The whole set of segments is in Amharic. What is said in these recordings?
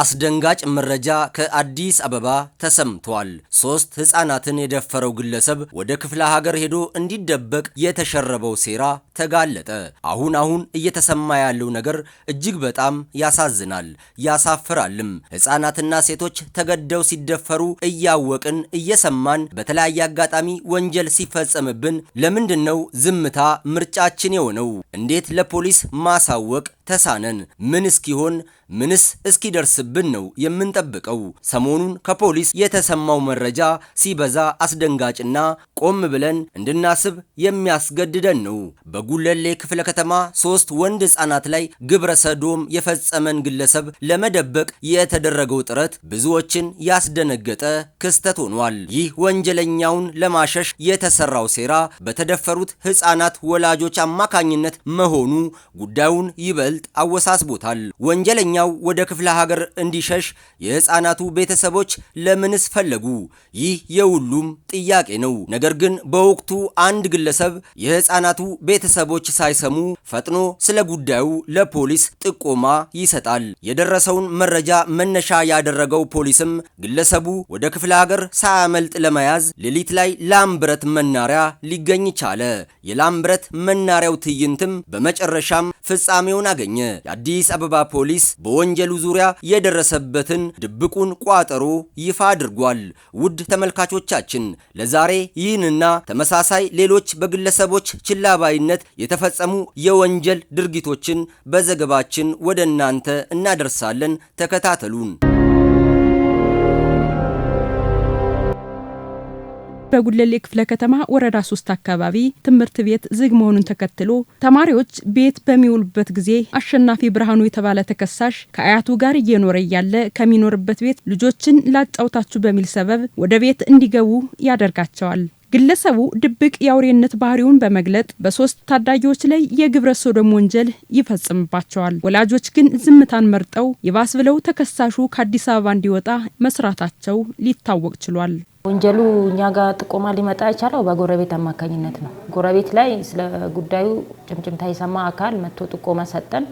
አስደንጋጭ መረጃ ከአዲስ አበባ ተሰምቷል። ሶስት ህጻናትን የደፈረው ግለሰብ ወደ ክፍለ ሀገር ሄዶ እንዲደበቅ የተሸረበው ሴራ ተጋለጠ። አሁን አሁን እየተሰማ ያለው ነገር እጅግ በጣም ያሳዝናል፣ ያሳፍራልም። ህጻናትና ሴቶች ተገደው ሲደፈሩ እያወቅን እየሰማን፣ በተለያየ አጋጣሚ ወንጀል ሲፈጸምብን ለምንድን ነው ዝምታ ምርጫችን የሆነው? እንዴት ለፖሊስ ማሳወቅ ተሳነን? ምን እስኪሆን ምንስ እስኪደርስብን ነው የምንጠብቀው? ሰሞኑን ከፖሊስ የተሰማው መረጃ ሲበዛ አስደንጋጭና ቆም ብለን እንድናስብ የሚያስገድደን ነው። በጉለሌ ክፍለ ከተማ ሶስት ወንድ ህጻናት ላይ ግብረ ሰዶም የፈጸመን ግለሰብ ለመደበቅ የተደረገው ጥረት ብዙዎችን ያስደነገጠ ክስተት ሆኗል። ይህ ወንጀለኛውን ለማሸሽ የተሰራው ሴራ በተደፈሩት ህጻናት ወላጆች አማካኝነት መሆኑ ጉዳዩን ይበል!። በስልት አወሳስቦታል። ወንጀለኛው ወደ ክፍለ ሀገር እንዲሸሽ የህፃናቱ ቤተሰቦች ለምንስ ፈለጉ? ይህ የሁሉም ጥያቄ ነው። ነገር ግን በወቅቱ አንድ ግለሰብ የህፃናቱ ቤተሰቦች ሳይሰሙ ፈጥኖ ስለ ጉዳዩ ለፖሊስ ጥቆማ ይሰጣል። የደረሰውን መረጃ መነሻ ያደረገው ፖሊስም ግለሰቡ ወደ ክፍለ ሀገር ሳያመልጥ ለመያዝ ሌሊት ላይ ላምብረት መናሪያ ሊገኝ ቻለ። የላምብረት መናሪያው ትዕይንትም በመጨረሻም ፍጻሜውን አገኘ። ተገኘ። የአዲስ አበባ ፖሊስ በወንጀሉ ዙሪያ የደረሰበትን ድብቁን ቋጠሮ ይፋ አድርጓል። ውድ ተመልካቾቻችን ለዛሬ ይህንና ተመሳሳይ ሌሎች በግለሰቦች ችላባይነት የተፈጸሙ የወንጀል ድርጊቶችን በዘገባችን ወደ እናንተ እናደርሳለን። ተከታተሉን። በጉለሌ ክፍለ ከተማ ወረዳ ሶስት አካባቢ ትምህርት ቤት ዝግ መሆኑን ተከትሎ ተማሪዎች ቤት በሚውሉበት ጊዜ አሸናፊ ብርሃኑ የተባለ ተከሳሽ ከአያቱ ጋር እየኖረ እያለ ከሚኖርበት ቤት ልጆችን ላጫውታችሁ በሚል ሰበብ ወደ ቤት እንዲገቡ ያደርጋቸዋል። ግለሰቡ ድብቅ የአውሬነት ባህሪውን በመግለጥ በሶስት ታዳጊዎች ላይ የግብረ ሶዶም ወንጀል ይፈጽምባቸዋል። ወላጆች ግን ዝምታን መርጠው የባስ ብለው ተከሳሹ ከአዲስ አበባ እንዲወጣ መስራታቸው ሊታወቅ ችሏል። ወንጀሉ እኛ ጋር ጥቆማ ሊመጣ የቻለው በጎረቤት አማካኝነት ነው። ጎረቤት ላይ ስለ ጉዳዩ ጭምጭምታ የሰማ አካል መጥቶ ጥቆማ ሰጠን።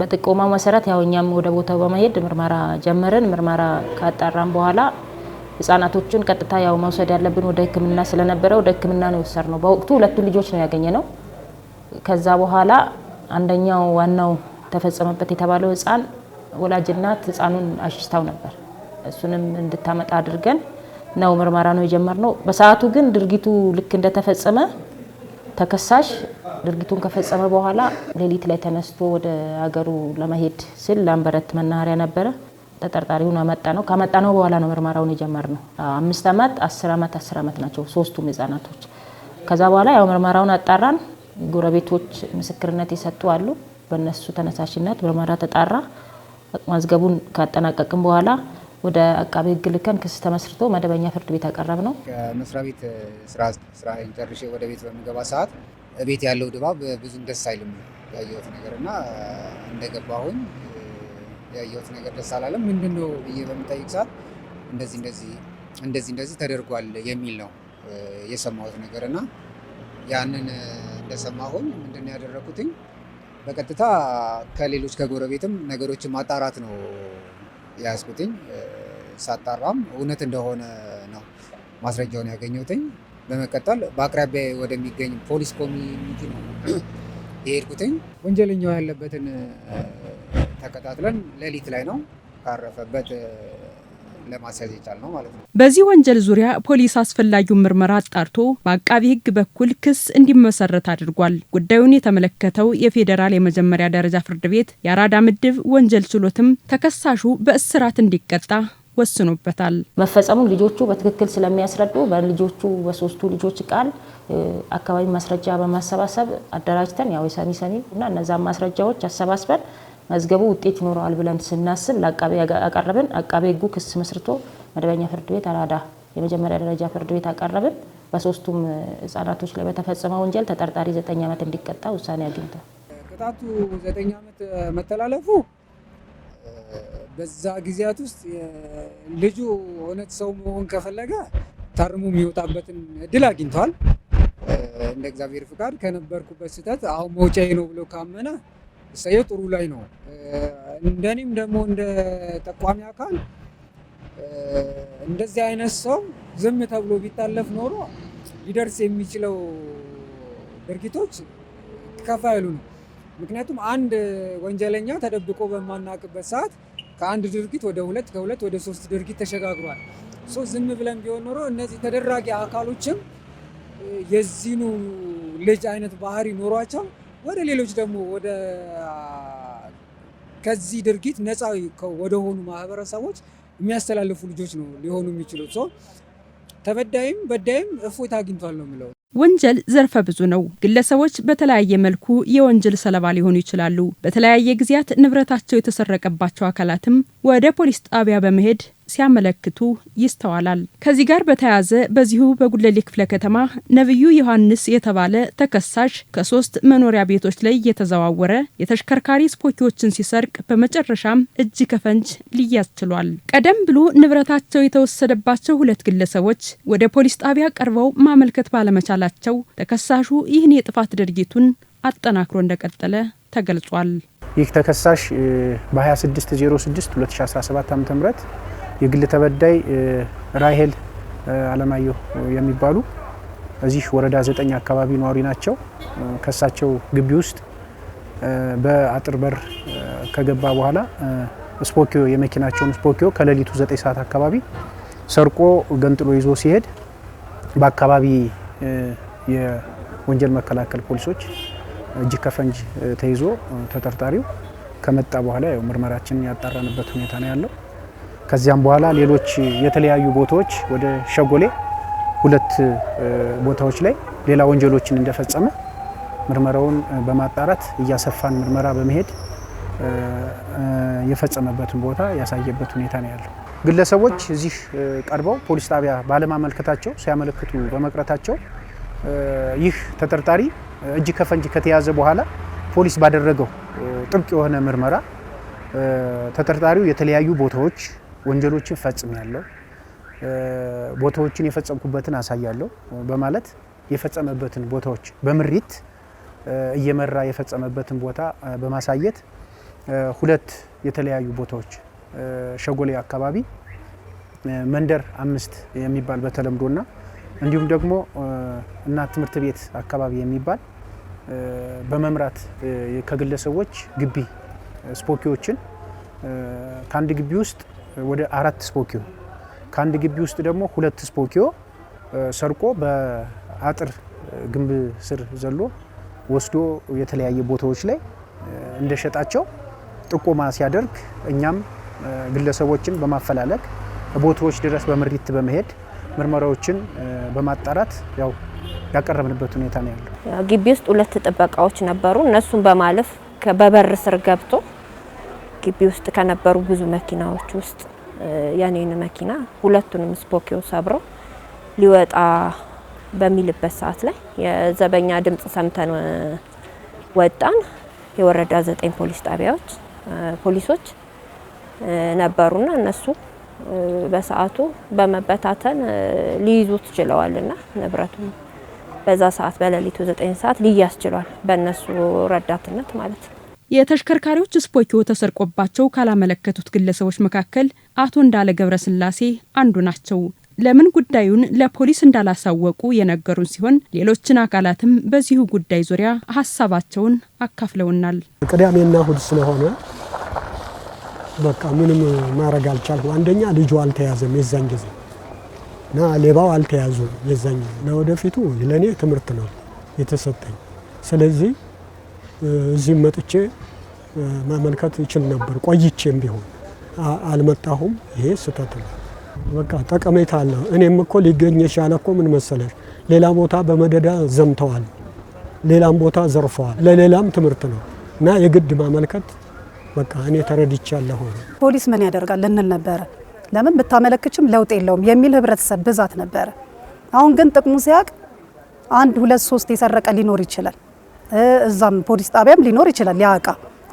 በጥቆማው መሰረት ያው እኛም ወደ ቦታው በመሄድ ምርመራ ጀመርን። ምርመራ ካጣራን በኋላ ህጻናቶቹን ቀጥታ ያው መውሰድ ያለብን ወደ ሕክምና ስለነበረ ወደ ሕክምና ነው የወሰድ ነው። በወቅቱ ሁለቱ ልጆች ነው ያገኘ ነው። ከዛ በኋላ አንደኛው ዋናው ተፈጸመበት የተባለው ህጻን ወላጅናት ህጻኑን አሽሽታው ነበር። እሱንም እንድታመጣ አድርገን ነው ምርመራ ነው የጀመርነው። በሰዓቱ ግን ድርጊቱ ልክ እንደተፈጸመ ተከሳሽ ድርጊቱን ከፈጸመ በኋላ ሌሊት ላይ ተነስቶ ወደ ሀገሩ ለመሄድ ሲል ላምበረት መናኸሪያ ነበረ። ተጠርጣሪውን አመጣ ነው። ካመጣ ነው በኋላ ነው ምርመራውን ነው። አምስት ዓመት አስር ዓመት አስር ዓመት ናቸው ሶስቱም ህጻናቶች። ከዛ በኋላ ያው ምርመራውን አጣራን። ጎረቤቶች ምስክርነት የሰጡ አሉ። በእነሱ ተነሳሽነት ምርመራ ተጣራ። መዝገቡን ካጠናቀቅም በኋላ ወደ አቃቤ ህግ ልከን ክስ ተመስርቶ መደበኛ ፍርድ ቤት ያቀረብ ነው። ከመስሪያ ቤት ስራ ጨርሼ ወደ ቤት በሚገባ ሰዓት ቤት ያለው ድባብ ብዙም ደስ አይልም ያየሁት ነገር እና እንደገባሁኝ ያየሁት ነገር ደስ አላለም። ምንድን ነው ብዬ በምጠይቅ ሰዓት እንደዚህ እንደዚህ እንደዚህ እንደዚህ ተደርጓል የሚል ነው የሰማሁት ነገር እና ያንን እንደሰማሁኝ ምንድን ነው ያደረኩትኝ በቀጥታ ከሌሎች ከጎረቤትም ነገሮችን ማጣራት ነው የያዝኩትኝ። ሳጣራም እውነት እንደሆነ ነው ማስረጃውን ያገኘሁትኝ። በመቀጠል በአቅራቢያ ወደሚገኝ ፖሊስ ኮሚኒቲ ነው የሄድኩትኝ። ወንጀለኛው ያለበትን ተከታትለን ሌሊት ላይ ነው ካረፈበት ለማስያዝ ማለት ነው። በዚህ ወንጀል ዙሪያ ፖሊስ አስፈላጊውን ምርመራ አጣርቶ በአቃቢ ሕግ በኩል ክስ እንዲመሰረት አድርጓል። ጉዳዩን የተመለከተው የፌዴራል የመጀመሪያ ደረጃ ፍርድ ቤት የአራዳ ምድብ ወንጀል ችሎትም ተከሳሹ በእስራት እንዲቀጣ ወስኖበታል። መፈጸሙን ልጆቹ በትክክል ስለሚያስረዱ በልጆቹ በሶስቱ ልጆች ቃል አካባቢ ማስረጃ በማሰባሰብ አደራጅተን ያው የሰሚ ሰሚ እና እነዛን ማስረጃዎች አሰባስበን መዝገቡ ውጤት ይኖረዋል ብለን ስናስብ ለአቃቤ ያቀረብን አቃቤ ሕጉ ክስ መስርቶ መደበኛ ፍርድ ቤት አራዳ የመጀመሪያ ደረጃ ፍርድ ቤት አቀረብን። በሶስቱም ህጻናቶች ላይ በተፈጸመ ወንጀል ተጠርጣሪ ዘጠኝ ዓመት እንዲቀጣ ውሳኔ አግኝቷል። ቅጣቱ ዘጠኝ ዓመት መተላለፉ በዛ ጊዜያት ውስጥ ልጁ እውነት ሰው መሆን ከፈለገ ታርሞ የሚወጣበትን እድል አግኝተዋል። እንደ እግዚአብሔር ፍቃድ ከነበርኩበት ስህተት አሁን መውጫዬ ነው ብሎ ካመነ ሰየ ጥሩ ላይ ነው። እንደኔም ደግሞ እንደ ጠቋሚ አካል እንደዚህ አይነት ሰው ዝም ተብሎ ቢታለፍ ኖሮ ሊደርስ የሚችለው ድርጊቶች ከፋ ያሉ ነው። ምክንያቱም አንድ ወንጀለኛ ተደብቆ በማናውቅበት ሰዓት ከአንድ ድርጊት ወደ ሁለት ከሁለት ወደ ሶስት ድርጊት ተሸጋግሯል። ዝም ብለን ቢሆን ኖሮ እነዚህ ተደራጊ አካሎችም የዚህኑ ልጅ አይነት ባህሪ ኖሯቸው ወደ ሌሎች ደግሞ ወደ ከዚህ ድርጊት ነፃ ወደሆኑ ማህበረሰቦች የሚያስተላልፉ ልጆች ነው ሊሆኑ የሚችሉት። ተበዳይም በዳይም እፎይታ አግኝቷል ነው የምለው። ወንጀል ዘርፈ ብዙ ነው። ግለሰቦች በተለያየ መልኩ የወንጀል ሰለባ ሊሆኑ ይችላሉ። በተለያየ ጊዜያት ንብረታቸው የተሰረቀባቸው አካላትም ወደ ፖሊስ ጣቢያ በመሄድ ሲያመለክቱ ይስተዋላል። ከዚህ ጋር በተያያዘ በዚሁ በጉለሌ ክፍለ ከተማ ነቢዩ ዮሐንስ የተባለ ተከሳሽ ከሶስት መኖሪያ ቤቶች ላይ እየተዘዋወረ የተሽከርካሪ ስፖኪዎችን ሲሰርቅ በመጨረሻም እጅ ከፈንጅ ሊያዝ ችሏል። ቀደም ብሎ ንብረታቸው የተወሰደባቸው ሁለት ግለሰቦች ወደ ፖሊስ ጣቢያ ቀርበው ማመልከት ባለመቻላቸው ተከሳሹ ይህን የጥፋት ድርጊቱን አጠናክሮ እንደቀጠለ ተገልጿል። ይህ ተከሳሽ በ2606 2017 ዓ ም የግል ተበዳይ ራሄል አለማየሁ የሚባሉ እዚህ ወረዳ ዘጠኝ አካባቢ ነዋሪ ናቸው። ከሳቸው ግቢ ውስጥ በአጥር በር ከገባ በኋላ ስፖኪዮ የመኪናቸውን ስፖኪዮ ከሌሊቱ ዘጠኝ ሰዓት አካባቢ ሰርቆ ገንጥሎ ይዞ ሲሄድ በአካባቢ የወንጀል መከላከል ፖሊሶች እጅ ከፈንጅ ተይዞ ተጠርጣሪው ከመጣ በኋላ ያው ምርመራችን ያጣራንበት ሁኔታ ነው ያለው። ከዚያም በኋላ ሌሎች የተለያዩ ቦታዎች ወደ ሸጎሌ ሁለት ቦታዎች ላይ ሌላ ወንጀሎችን እንደፈጸመ ምርመራውን በማጣራት እያሰፋን ምርመራ በመሄድ የፈጸመበትን ቦታ ያሳየበት ሁኔታ ነው ያለው። ግለሰቦች እዚህ ቀርበው ፖሊስ ጣቢያ ባለማመልከታቸው ሲያመለክቱ በመቅረታቸው ይህ ተጠርጣሪ እጅ ከፈንጅ ከተያዘ በኋላ ፖሊስ ባደረገው ጥብቅ የሆነ ምርመራ ተጠርጣሪው የተለያዩ ቦታዎች ወንጀሎችን ያለው ቦታዎችን የፈጸምኩበትን አሳያለሁ በማለት የፈጸመበትን ቦታዎች በምሪት እየመራ የፈጸመበትን ቦታ በማሳየት ሁለት የተለያዩ ቦታዎች ሸጎሌ አካባቢ መንደር አምስት የሚባል በተለምዶና እንዲሁም ደግሞ እናት ትምህርት ቤት አካባቢ የሚባል በመምራት ከግለሰቦች ግቢ ስፖኪዎችን ከአንድ ግቢ ውስጥ ወደ አራት ስፖኪዮ ከአንድ ግቢ ውስጥ ደግሞ ሁለት ስፖኪዮ ሰርቆ በአጥር ግንብ ስር ዘሎ ወስዶ የተለያየ ቦታዎች ላይ እንደሸጣቸው ጥቆማ ሲያደርግ እኛም ግለሰቦችን በማፈላለግ ቦታዎች ድረስ በምሪት በመሄድ ምርመራዎችን በማጣራት ያው ያቀረብንበት ሁኔታ ነው ያለው። ግቢ ውስጥ ሁለት ጥበቃዎች ነበሩ። እነሱን በማለፍ በበር ስር ገብቶ ግቢ ውስጥ ከነበሩ ብዙ መኪናዎች ውስጥ የኔን መኪና ሁለቱንም ስፖኪዮ ሰብረው ሊወጣ በሚልበት ሰዓት ላይ የዘበኛ ድምጽ ሰምተን ወጣን። የወረዳ ዘጠኝ ፖሊስ ጣቢያዎች ፖሊሶች ነበሩና እነሱ በሰዓቱ በመበታተን ሊይዙት ችለዋልና ንብረቱ በዛ ሰዓት በሌሊቱ ዘጠኝ ሰዓት ሊያስችሏል በእነሱ ረዳትነት ማለት ነው። የተሽከርካሪዎች ስፖኪዮ ተሰርቆባቸው ካላመለከቱት ግለሰቦች መካከል አቶ እንዳለ ገብረስላሴ አንዱ ናቸው። ለምን ጉዳዩን ለፖሊስ እንዳላሳወቁ የነገሩን ሲሆን ሌሎችን አካላትም በዚሁ ጉዳይ ዙሪያ ሀሳባቸውን አካፍለውናል። ቅዳሜና እሁድ ስለሆነ በቃ ምንም ማድረግ አልቻልኩም። አንደኛ ልጁ አልተያዘም የዛን ጊዜ እና ሌባው አልተያዙ የዛን ጊዜ። ለወደፊቱ ለእኔ ትምህርት ነው የተሰጠኝ። ስለዚህ እዚህም መጥቼ መመልከት ይችል ነበር። ቆይቼም ቢሆን አልመጣሁም። ይሄ ስህተት ነው። በቃ ጠቀሜታ አለ። እኔም እኮ ሊገኝ የቻለ እኮ ምን መሰለሽ፣ ሌላ ቦታ በመደዳ ዘምተዋል፣ ሌላም ቦታ ዘርፈዋል። ለሌላም ትምህርት ነው እና የግድ ማመልከት በቃ እኔ ተረድቻለሁ። ፖሊስ ምን ያደርጋል ልንል ነበረ። ለምን ብታመለክችም ለውጥ የለውም የሚል ህብረተሰብ ብዛት ነበረ። አሁን ግን ጥቅሙ ሲያውቅ አንድ ሁለት ሶስት የሰረቀ ሊኖር ይችላል። እዛም ፖሊስ ጣቢያም ሊኖር ይችላል ያ እቃ።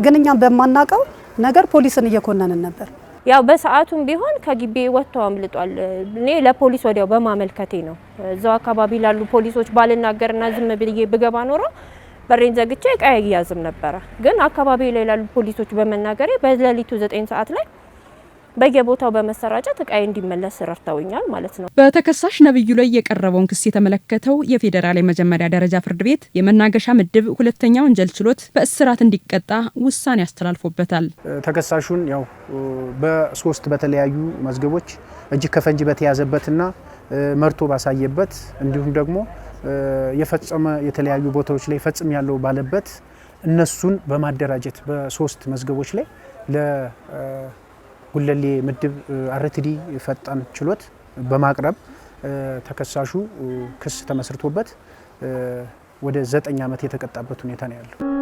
ግን እኛም በማናቀው ነገር ፖሊስን እየኮነንን ነበር። ያው በሰዓቱም ቢሆን ከግቢ ወጥቶ አምልጧል። እኔ ለፖሊስ ወዲያው በማመልከቴ ነው። እዛው አካባቢ ላሉ ፖሊሶች ባልናገርና ዝም ብዬ ብገባ ኖሮ በሬን ዘግቼ ያዝም ነበረ። ግን አካባቢ ላይ ላሉ ፖሊሶች በመናገሬ በሌሊቱ ዘጠኝ ሰዓት ላይ በየቦታው በመሰራጨት እቃዬ እንዲመለስ ረድተውኛል ማለት ነው። በተከሳሽ ነብዩ ላይ የቀረበውን ክስ የተመለከተው የፌዴራል የመጀመሪያ ደረጃ ፍርድ ቤት የመናገሻ ምድብ ሁለተኛ ወንጀል ችሎት በእስራት እንዲቀጣ ውሳኔ አስተላልፎበታል። ተከሳሹን ያው በሶስት በተለያዩ መዝገቦች እጅ ከፈንጅ በተያዘበትና መርቶ ባሳየበት እንዲሁም ደግሞ የፈጸመ የተለያዩ ቦታዎች ላይ ፈጽም ያለው ባለበት እነሱን በማደራጀት በሶስት መዝገቦች ላይ ጉለሌ ምድብ አርትዲ ፈጣን ችሎት በማቅረብ ተከሳሹ ክስ ተመስርቶበት ወደ ዘጠኝ ዓመት የተቀጣበት ሁኔታ ነው ያለው።